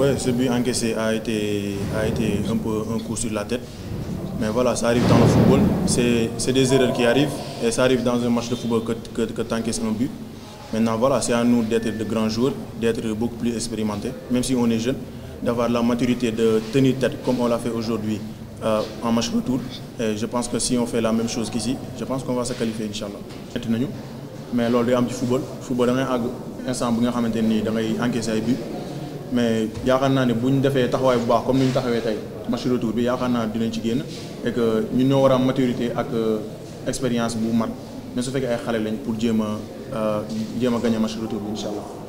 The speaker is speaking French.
Oui, ce but encaissé a été, un peu un coup sur la tête. Mais voilà, ça arrive dans le football. C'est des erreurs qui arrivent et ça arrive dans un match de football que, tu encaisses un but. Maintenant, voilà, c'est à nous d'être de grands joueurs, d'être beaucoup plus expérimentés, même si on est jeune, d'avoir la maturité de tenir tête comme on l'a fait aujourd'hui euh, en match retour. Et je pense que si on fait la même chose qu'ici, je pense qu'on va se qualifier, Inch'Allah. Mais lors du football, le football est un ensemble qui est encaissé but. mais yaakaar naa ne bu ñu defee taxawaay bu baax comme ni ñu taxawee tey match retour bi yaakaar naa dinañ ci génn et que ñun ñoo war a am maturité ak expérience bu mat mais su fekkee ay xale lañ pour jéem a jéem a gagné match retour bi incha allah.